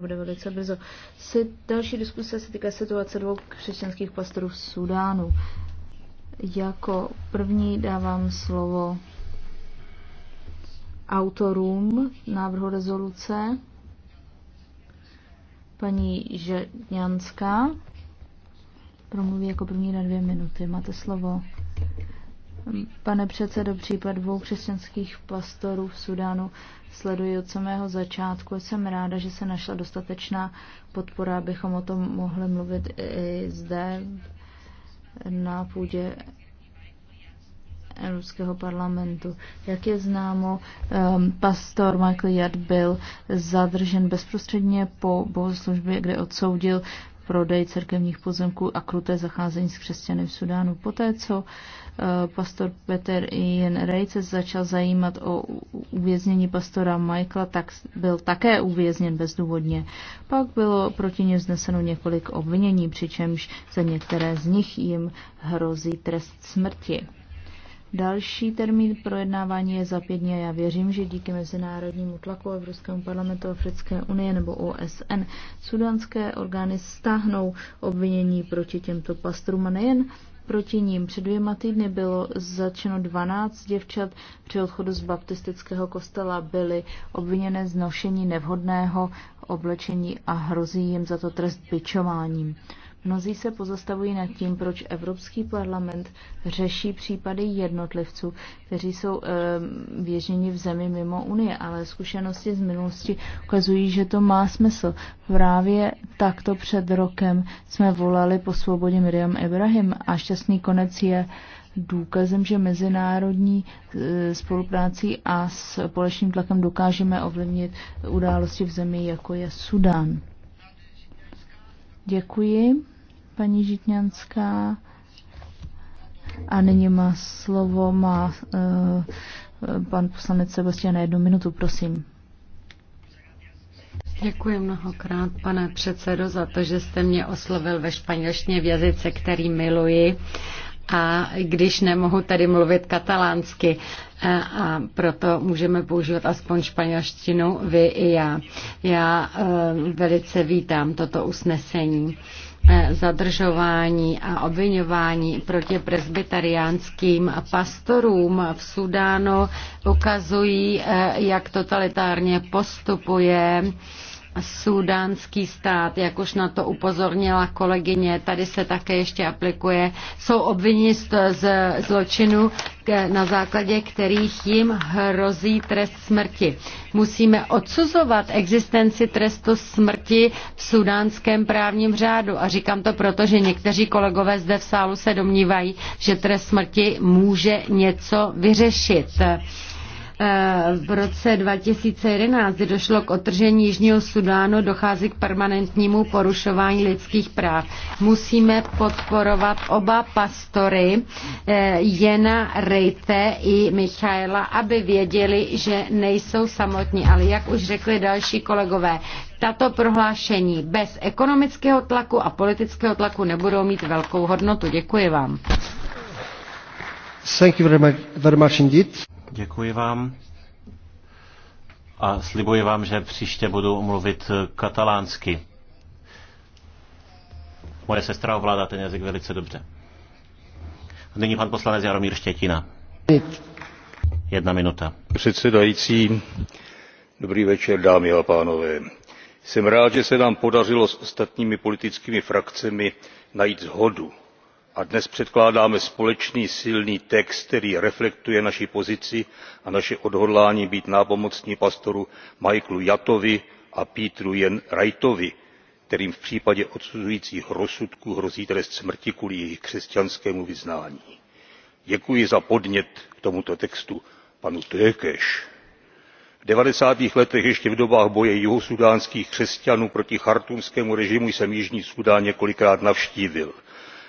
bude velice brzo. Se, další diskuse se týká situace dvou křesťanských pastorů v Sudánu. Jako první dávám slovo autorům návrhu rezoluce, paní Žetňanská. Promluví jako první na dvě minuty. Máte slovo. Pane předsedo, případ dvou křesťanských pastorů v Sudánu sleduji od samého začátku. Jsem ráda, že se našla dostatečná podpora, abychom o tom mohli mluvit i zde na půdě Evropského parlamentu. Jak je známo, um, pastor Michael Yard byl zadržen bezprostředně po bohoslužbě, kde odsoudil prodej církevních pozemků a kruté zacházení s křesťany v Sudánu. Poté, co eh, pastor Peter Ian Rej začal zajímat o uvěznění pastora Michaela, tak byl také uvězněn bezdůvodně. Pak bylo proti něm vzneseno několik obvinění, přičemž za některé z nich jim hrozí trest smrti. Další termín projednávání je za pět dní a já věřím, že díky mezinárodnímu tlaku Evropskému parlamentu Africké unie nebo OSN sudanské orgány stáhnou obvinění proti těmto pastrům a nejen proti ním. Před dvěma týdny bylo začeno 12 děvčat při odchodu z baptistického kostela byly obviněné z nošení nevhodného oblečení a hrozí jim za to trest bičováním. Mnozí se pozastavují nad tím, proč Evropský parlament řeší případy jednotlivců, kteří jsou e, eh, věženi v zemi mimo Unie, ale zkušenosti z minulosti ukazují, že to má smysl. Právě takto před rokem jsme volali po svobodě Miriam Ibrahim a šťastný konec je důkazem, že mezinárodní eh, spoluprácí a s společným tlakem dokážeme ovlivnit události v zemi, jako je Sudán. Děkuji paní Žitňanská. A nyní má slovo má uh, pan poslanec Sebastian na jednu minutu, prosím. Děkuji mnohokrát, pane předsedo, za to, že jste mě oslovil ve španělštině v jazyce, který miluji. A když nemohu tady mluvit katalánsky, eh, a proto můžeme používat aspoň španělštinu vy i já. Já eh, velice vítám toto usnesení Eh, zadržování a obvinování proti presbyteriánským pastorům v Sudánu ukazují, eh, jak totalitárně postupuje sudánský stát, jak už na to upozornila kolegyně, tady se také ještě aplikuje, jsou obviněni z zločinu, na základě kterých jim hrozí trest smrti. Musíme odsuzovat existenci trestu smrti v sudánském právním řádu. A říkám to proto, že někteří kolegové zde v sálu se domnívají, že trest smrti může něco vyřešit v roce 2011, došlo k otržení Jižního Sudánu, dochází k permanentnímu porušování lidských práv. Musíme podporovat oba pastory, eh, Jena Rejte i Michaela, aby věděli, že nejsou samotní. Ale jak už řekli další kolegové, tato prohlášení bez ekonomického tlaku a politického tlaku nebudou mít velkou hodnotu. Děkuji vám. Thank you very much, very much indeed. Děkuji vám. A slibuji vám, že příště budu mluvit katalánsky. Moje sestra ovládá ten jazyk velice dobře. Nyní pan poslanec Jaromír Štětina. Jedna minuta. Předsedající, dobrý večer, dámy a pánové. Jsem rád, že se nám podařilo s ostatními politickými frakcemi najít zhodu a dnes předkládáme společný silný text který reflektuje naši pozici a naše odhodlání být nápomocni pastoru michaelu jattovi a peteru jenu wrightovi kterým v případě odsuzujících rozsudků hrozí trest smrti kvůli jejich křesťanskému vyznání. děkuji za podnět k tomuto textu panu tkésovi. v devadesátých letech ještě v dobách boje jihosudánských křesťanů proti chartúmskému režimu jsem jižní súdán několikrát navštívil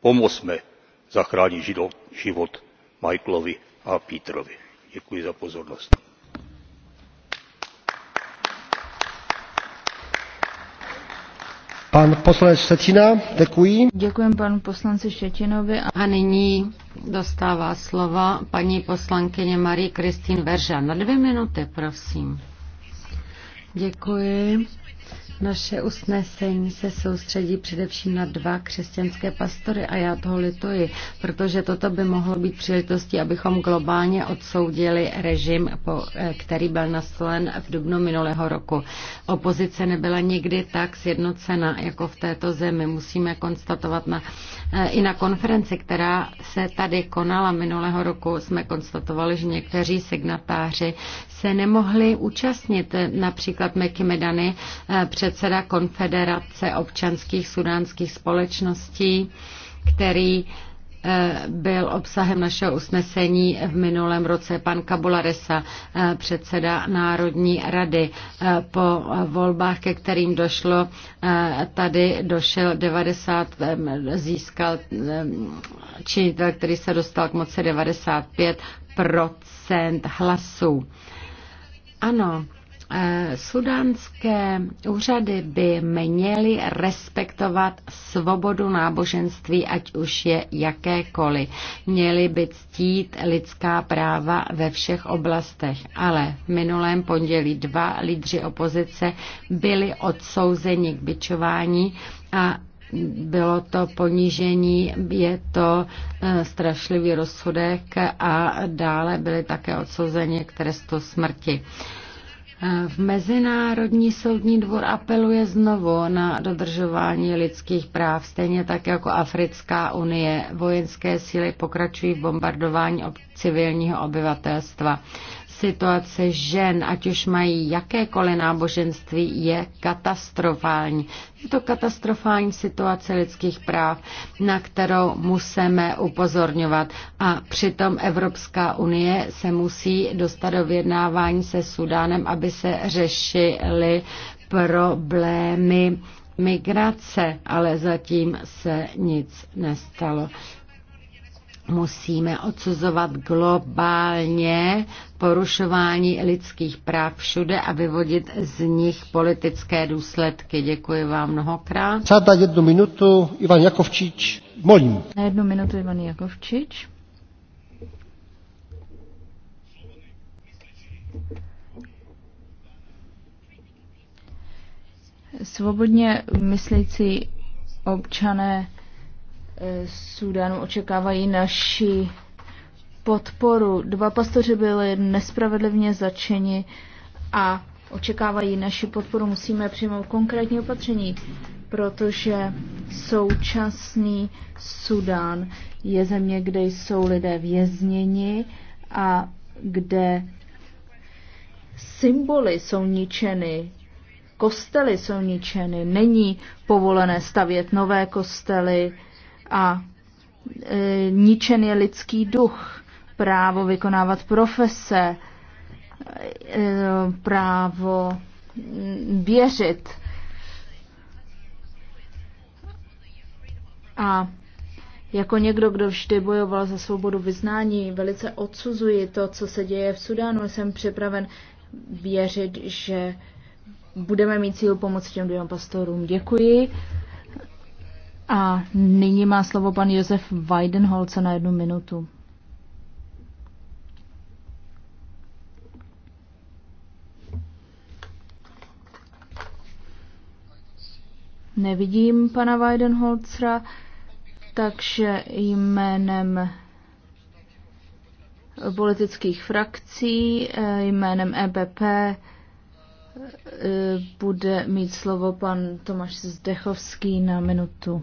pomozme zachránit život michaelovi a peterovi. děkuji za pozornost. Pan poslanec Štětina, děkuji. Děkuji panu poslanci Štětinovi. A nyní dostává slova paní poslankyně Marie Kristýn Veržan. Na dvě minuty, prosím. Děkuji. Naše usnesení se soustředí především na dva křesťanské pastory a já toho lituji, protože toto by mohlo být příležitostí, abychom globálně odsoudili režim, eh, který byl nastolen v dubnu minulého roku. Opozice nebyla nikdy tak sjednocena jako v této zemi. Musíme konstatovat na, eh, i na konferenci, která se tady konala minulého roku, jsme konstatovali, že někteří signatáři se nemohli účastnit. Například Meky Medany, eh, předseda Konfederace občanských sudánských společností, který eh, byl obsahem našeho usnesení v minulém roce pan Kabularesa, eh, předseda Národní rady. Po volbách, ke kterým došlo, tady došel 90, získal činitel, který se dostal k moci 95 hlasů. Ano, eh, sudánské úřady by měly respektovat svobodu náboženství, ať už je jakékoliv. Měly by ctít lidská práva ve všech oblastech. Ale v minulém pondělí dva lídři opozice byli odsouzeni k byčování a bylo to ponížení, je to eh, strašlivý rozsudek a dále byly také odsouzeni k trestu smrti. Eh, v Mezinárodní soudní dvor apeluje znovu na dodržování lidských práv, stejně tak jako Africká unie. Vojenské síly pokračují v bombardování civilního obyvatelstva. Situace žen, ať už mají jakékoliv náboženství, je katastrofální. Je to katastrofální situace lidských práv, na kterou musíme upozorňovat. A přitom Evropská unie se musí dostat do vyjednávání se Sudánem, aby se řešily problémy migrace, ale zatím se nic nestalo musíme odsuzovat globálně porušování lidských práv všude a vyvodit z nich politické důsledky. Děkuji vám mnohokrát. Sada jednu minutu, Ivan Jakovčič, molím. Na jednu minutu, Ivan Jakovčič. Svobodně myslící občané Sudánu očekávají naši podporu. Dva pastoři byli nespravedlivě začeni a očekávají naši podporu. Musíme přijmout konkrétní opatření, protože současný Sudán je země, kde jsou lidé vězněni a kde symboly jsou ničeny, kostely jsou ničeny, není povolené stavět nové kostely, a e, ničen je lidský duch, právo vykonávat profese, e, právo věřit. A jako někdo, kdo vždy bojoval za svobodu vyznání, velice odsuzuji to, co se děje v Sudánu. Jsem připraven věřit, že budeme mít cíl pomoci těm dvěma pastorům. Děkuji. A nyní má slovo pan Josef Weidenholce na jednu minutu. Nevidím pana Weidenholzera, takže jménem politických frakcí, jménem EPP eh, bude mít slovo pan Tomáš Zdechovský na minutu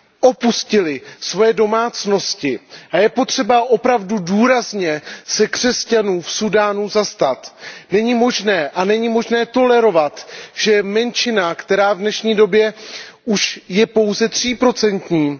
opustili své domácnosti a je potřeba opravdu důrazně se křesťanů v súdánu zastat. není možné a není možné tolerovat že menšina která v dnešní době už je pouze tříprocentní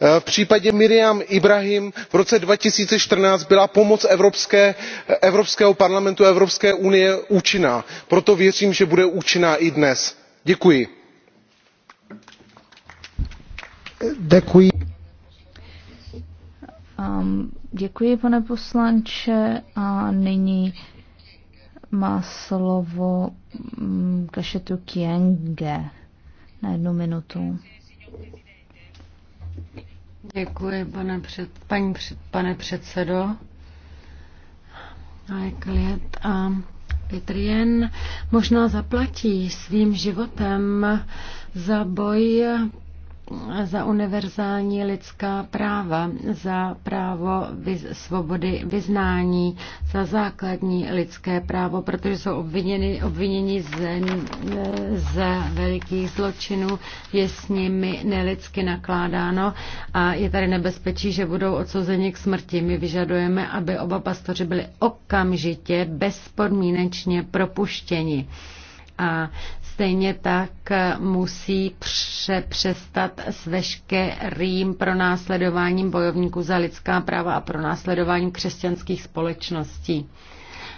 Eh, v případě marjam jahjá v roce two thousand and fourteen byla pomoc evropského parlamentu a evropské unie účinná proto věřím že bude účinná i dnes. děkuji. děkuji ehm, pane poslanče a nyní má slovo um, Kašetu Kienge na jednu minutu. Děkuji, pane, před, paní, před, pane předsedo. Kliet a jen možná zaplatí svým životem za boj za univerzální lidská práva, za právo vyz, svobody vyznání, za základní lidské právo, protože jsou obviněni, obviněni ze, ze velikých zločinů, je s nimi nelidsky nakládáno a je tady nebezpečí, že budou odsouzeni k smrti. My vyžadujeme, aby oba pastoři byli okamžitě bezpodmínečně propuštěni a stejně tak musí pře- přestat s veškerým pronásledováním bojovníků za lidská práva a pronásledováním křesťanských společností.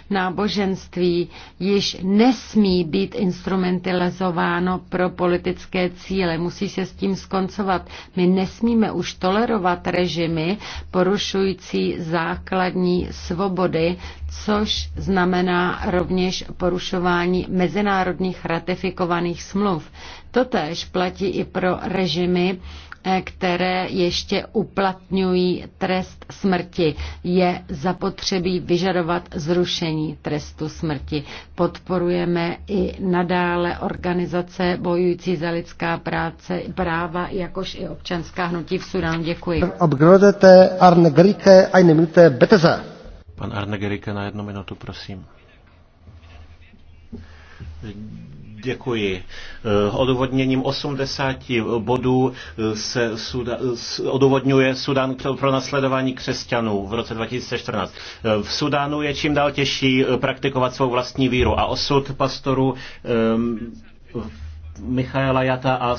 Náboženství již nesmí být instrumentalizováno pro politické cíle. Musí se s tím skoncovat. My nesmíme už tolerovat režimy porušující základní svobody, což znamená rovněž porušování mezinárodních ratifikovaných smluv. Totež platí i pro režimy, eh, které ještě uplatňují trest smrti. Je zapotřebí vyžadovat zrušení trestu smrti. Podporujeme i nadále organizace bojující za lidská práce, práva, jakož i občanská hnutí v Sudánu. Děkuji. Obgrodete Pan Arne Gerike na jednu minutu, prosím. Děkuji. Eh, odůvodněním 80 bodů eh, se Suda, odůvodňuje Sudan pro nasledování křesťanů v roce 2014. Eh, v Sudánu je čím dál těžší praktikovat svou vlastní víru a osud pastorů um, Michaela Jata a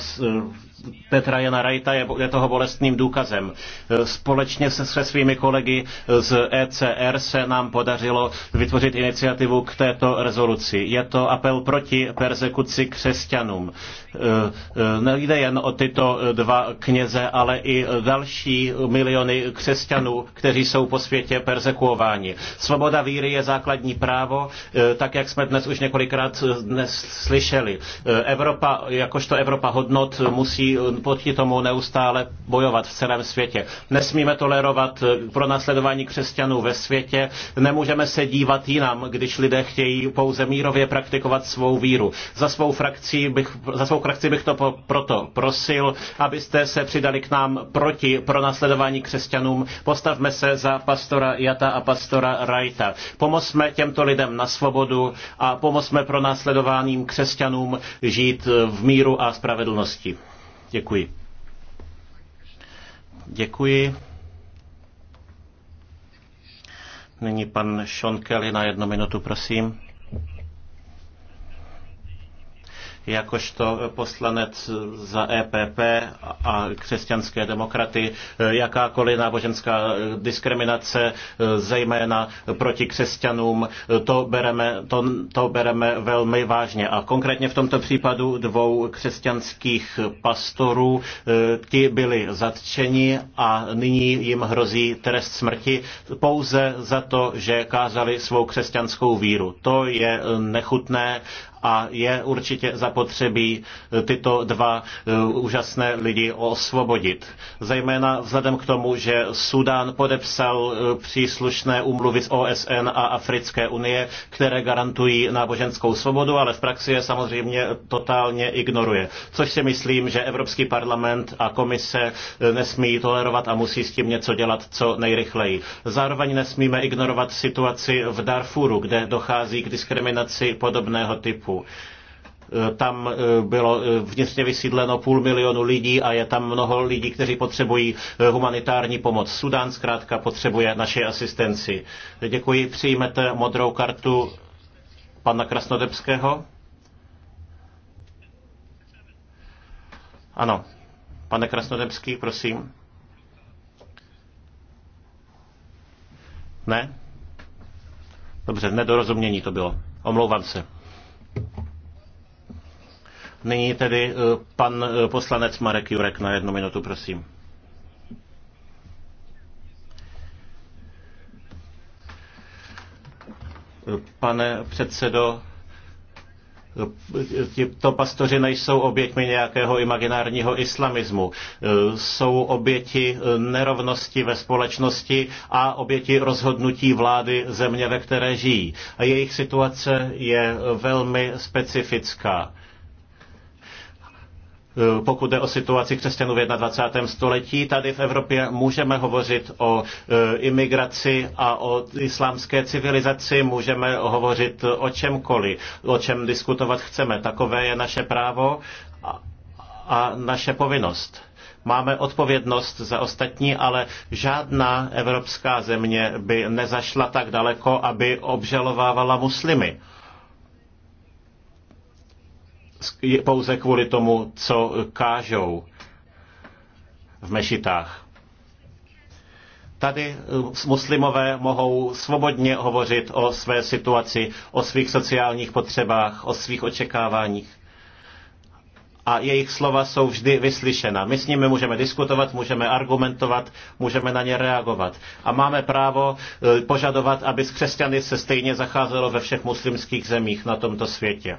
Petra Jana Rajta je, je toho bolestným důkazem. E, společně se, se svými kolegy z ECR se nám podařilo vytvořit iniciativu k této rezoluci. Je to apel proti persekuci křesťanům. E, e, nejde jen o tyto dva kněze, ale i další miliony křesťanů, kteří jsou po světě persekuováni. Svoboda víry je základní právo, tak jak jsme dnes už několikrát dnes slyšeli. Evropa, jakožto Evropa hodnot, musí proti tomu neustále bojovat v celém světě. Nesmíme tolerovat eh, pro nasledování křesťanů ve světě, nemůžeme se dívat jinam, když lidé chtějí pouze mírově praktikovat svou víru. Za svou frakci bych, za svou frakci bych to po, proto prosil, abyste se přidali k nám proti pro nasledování křesťanům. Postavme se za pastora Jata a pastora Rajta. Pomozme těmto lidem na svobodu a pomozme pro křesťanům žít v míru a spravedlnosti. Děkuji. Děkuji. Nyní pan Sean Kelly na jednu minutu, prosím. jakožto poslanec za EPP a křesťanské demokraty, jakákoliv náboženská diskriminace, zejména proti křesťanům, to bereme, to, to bereme velmi vážně. A konkrétně v tomto případu dvou křesťanských pastorů, eh, ti byli zatčeni a nyní jim hrozí trest smrti pouze za to, že kázali svou křesťanskou víru. To je nechutné a je určitě zapotřebí eh, tyto dva eh, úžasné lidi osvobodit. Zejména vzhledem k tomu, že Súdán podepsal eh, příslušné úmluvy z OSN a Africké unie, které garantují náboženskou svobodu, ale v praxi je samozřejmě totálně ignoruje. Což si myslím, že Evropský parlament a komise nesmí tolerovat a musí s tím něco dělat co nejrychleji. Zároveň nesmíme ignorovat situaci v Darfuru, kde dochází k diskriminaci podobného typu. Maroku. E, tam e, bylo e, vnitřně vysídleno půl milionu lidí a je tam mnoho lidí, kteří potřebují humanitární pomoc. Sudán zkrátka potřebuje naši asistenci. Děkuji. Přijmete modrou kartu pana Krasnodebského? Ano. Pane Krasnodebský, prosím. Ne? Dobře, nedorozumění to bylo. Omlouvám se. Nyní tedy eh, pan eh, poslanec Marek Jurek na jednu minutu, prosím. Pane předsedo, eh, tito pastoři nejsou oběťmi nějakého imaginárního islamismu. Jsou oběti nerovnosti ve společnosti a oběti rozhodnutí vlády země, ve které žijí. A jejich situace je velmi specifická Eh, pokud jde o situaci křesťanů v 21. století. Tady v Evropě můžeme hovořit o eh, imigraci a o islámské civilizaci, můžeme hovořit o čemkoliv, o čem diskutovat chceme. Takové je naše právo a naše povinnost. Máme odpovědnost za ostatní, ale žádná evropská země by nezašla tak daleko, aby obžalovávala muslimy pouze kvůli tomu, co kážou v mešitách. Tady eh, muslimové mohou svobodně hovořit o své situaci, o svých sociálních potřebách, o svých očekáváních. A jejich slova jsou vždy vyslyšena. My s nimi můžeme diskutovat, můžeme argumentovat, můžeme na ně reagovat. A máme právo eh, požadovat, aby s křesťany se stejně zacházelo ve všech muslimských zemích na tomto světě.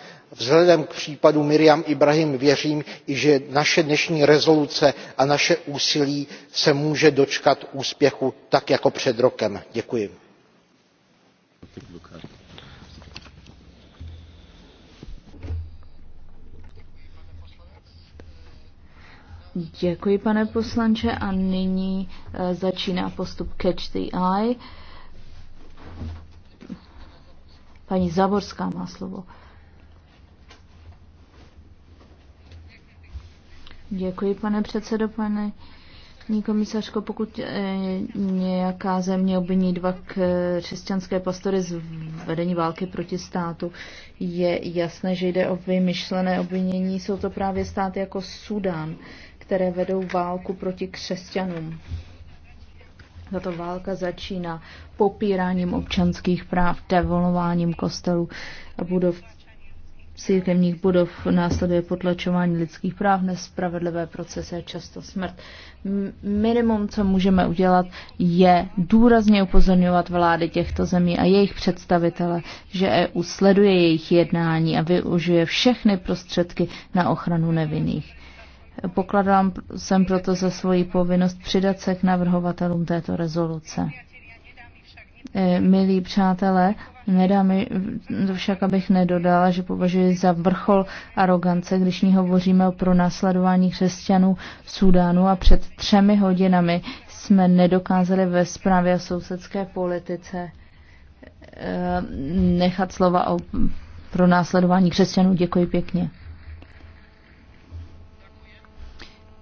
vzhledem k případu marjam ibrahimové věřím že naše dnešní rezoluce a naše úsilí se může dočkat úspěchu tak jako před rokem. děkuji. Děkuji, pane poslanče, a nyní eh, začíná postup Catch the Eye. Paní Zaborská má slovo. Děkuji, pane předsedo, pane komisařko. Pokud eh, nějaká země obviní dva eh, křesťanské pastory z vedení války proti státu, je jasné, že jde o vymyšlené obvinění. Jsou to právě státy jako Sudán, které vedou válku proti křesťanům. Tato válka začíná popíráním občanských práv, devolováním kostelů a budov církevních budov následuje potlačování lidských práv, nespravedlivé procesy a často smrt. Minimum, co můžeme udělat, je důrazně upozorňovat vlády těchto zemí a jejich představitele, že EU sleduje jejich jednání a využuje všechny prostředky na ochranu nevinných. Pokladám jsem proto za svoji povinnost přidat se k navrhovatelům této rezoluce. Eh, milí přátelé, nedá mi však, abych nedodala, že považuji za vrchol arogance, když ní hovoříme o pronásledování křesťanů v Súdánu a před třemi hodinami jsme nedokázali ve zprávě o sousedské politice eh, nechat slova o pronásledování křesťanů. Děkuji pěkně.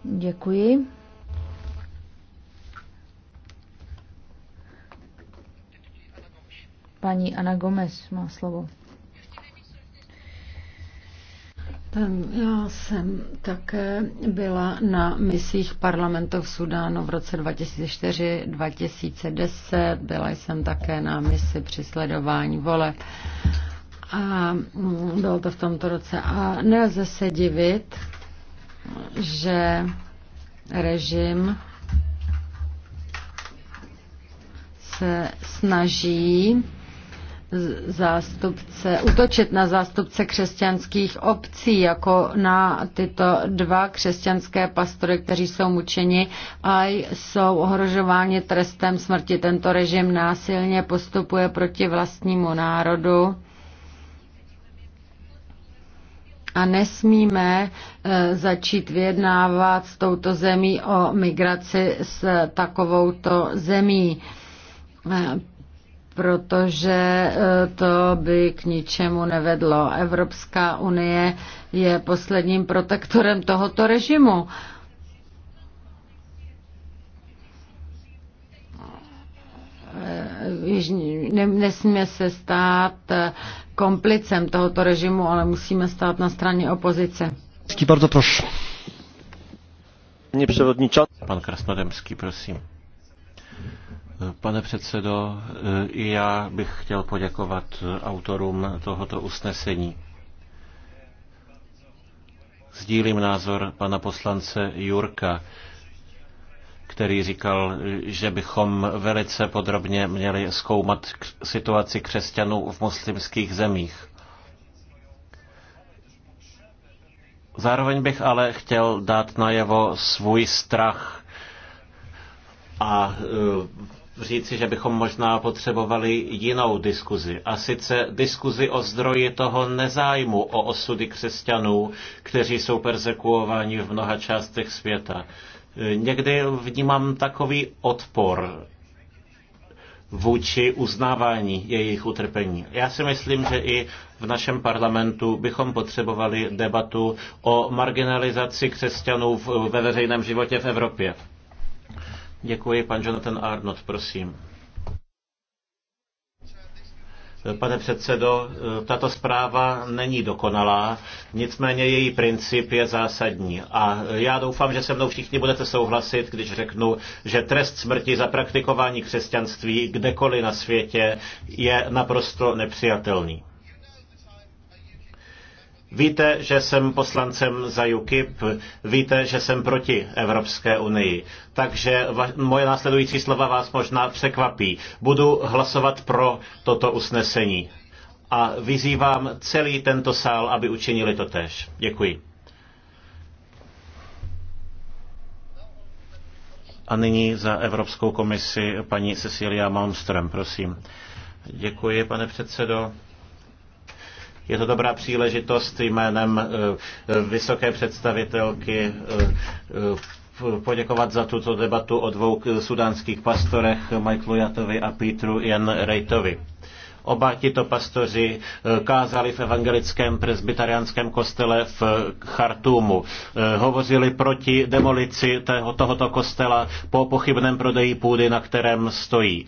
Děkuji. Paní Ana Gomez má slovo. Tam já jsem také byla na misích parlamentu v Sudánu v roce 2004-2010. Byla jsem také na misi při sledování voleb. A mm, bylo to v tomto roce. A nelze se divit, že režim se snaží zástupce, utočit na zástupce křesťanských obcí, jako na tyto dva křesťanské pastory, kteří jsou mučeni a jsou ohrožováni trestem smrti. Tento režim násilně postupuje proti vlastnímu národu. A nesmíme eh, začít vyjednávat s touto zemí o migraci s takovouto zemí eh, protože eh, to by k ničemu nevedlo. Evropská unie je posledním protektorem tohoto režimu. Eh, nesmíme se stát eh, komplicem tohoto režimu, ale musíme stát na straně opozice. Bardzo proszę. Pan Krasnodemský, prosím. Pane předsedo, i já bych chtěl poděkovat autorům tohoto usnesení. Sdílím názor pana poslance Jurka, který říkal, že bychom velice podrobně měli zkoumat situaci křesťanů v muslimských zemích. Zároveň bych ale chtěl dát najevo svůj strach a říci, že bychom možná potřebovali jinou diskuzi. A sice diskuzi o zdroji toho nezájmu o osudy křesťanů, kteří jsou persekuováni v mnoha částech světa. Někdy vnímám takový odpor vůči uznávání jejich utrpení. Já si myslím, že i v našem parlamentu bychom potřebovali debatu o marginalizaci křesťanů ve veřejném životě v Evropě. Děkuji, pan Jonathan Arnott, prosím. Pane předsedo, tato zpráva není dokonalá, nicméně její princip je zásadní. A já doufám, že se mnou všichni budete souhlasit, když řeknu, že trest smrti za praktikování křesťanství kdekoliv na světě je naprosto nepřijatelný. Víte, že jsem poslancem za UKIP, víte, že jsem proti Evropské unii. Takže moje následující slova vás možná překvapí. Budu hlasovat pro toto usnesení. A vyzývám celý tento sál, aby učinili to tež. Děkuji. A nyní za Evropskou komisi paní Cecilia Malmström, prosím. Děkuji, pane předsedo. Je to dobrá příležitost jménem eh, vysoké představitelky eh, eh, poděkovat za tuto debatu o dvou sudánských pastorech, Michaelu Jatovi a Petru Jan Rejtovi. Oba tito pastoři kázali v evangelickém presbyteriánském kostele v Chartumu. Hovořili proti demolici tohoto kostela po pochybném prodeji půdy, na kterém stojí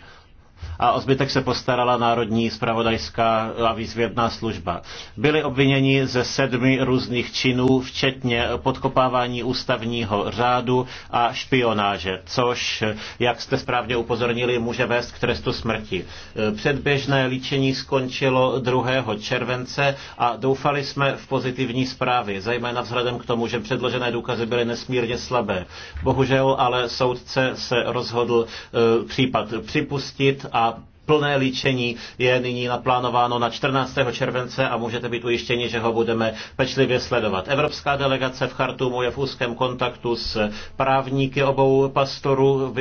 a o zbytek se postarala Národní spravodajská a výzvědná služba. Byli obviněni ze sedmi různých činů, včetně podkopávání ústavního řádu a špionáže, což, jak jste správně upozornili, může vést k trestu smrti. Předběžné líčení skončilo 2. července a doufali jsme v pozitivní zprávy, zejména vzhledem k tomu, že předložené důkazy byly nesmírně slabé. Bohužel ale soudce se rozhodl e, případ připustit a plné líčení je nyní naplánováno na 14. července a můžete být ujištěni, že ho budeme pečlivě sledovat. Evropská delegace v Chartumu je v úzkém kontaktu s právníky obou pastorů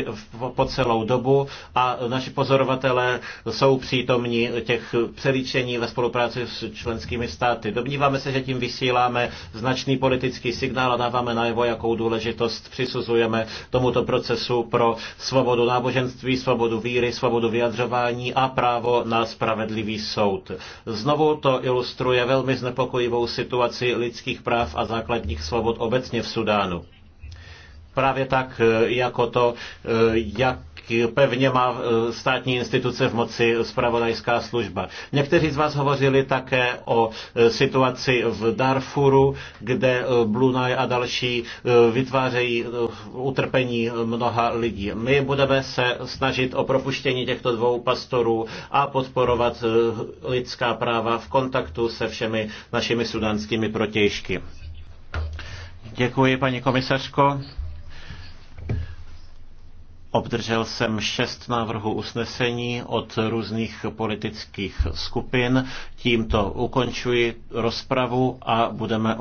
po celou dobu a naši pozorovatelé jsou přítomní těch přelíčení ve spolupráci s členskými státy. Domníváme se, že tím vysíláme značný politický signál a dáváme najevo, jakou důležitost přisuzujeme tomuto procesu pro svobodu náboženství, svobodu víry, svobodu vyjadřování stíhání a právo na spravedlivý soud. Znovu to ilustruje velmi znepokojivou situaci lidských práv a základních svobod obecně v Sudánu. Právě tak e, jako to, e, jak pevně má e, státní instituce v moci spravodajská služba. Někteří z vás hovořili také o situaci v Darfuru, kde Blunaj a další vytvářejí utrpení mnoha lidí. My budeme se snažit o propuštění těchto dvou pastorů a podporovat lidská práva v kontaktu se všemi našimi sudanskými protějšky. Děkuji, paní komisařko. Obdržel jsem šest návrhů usnesení od různých politických skupin. Tímto ukončuji rozpravu a budeme o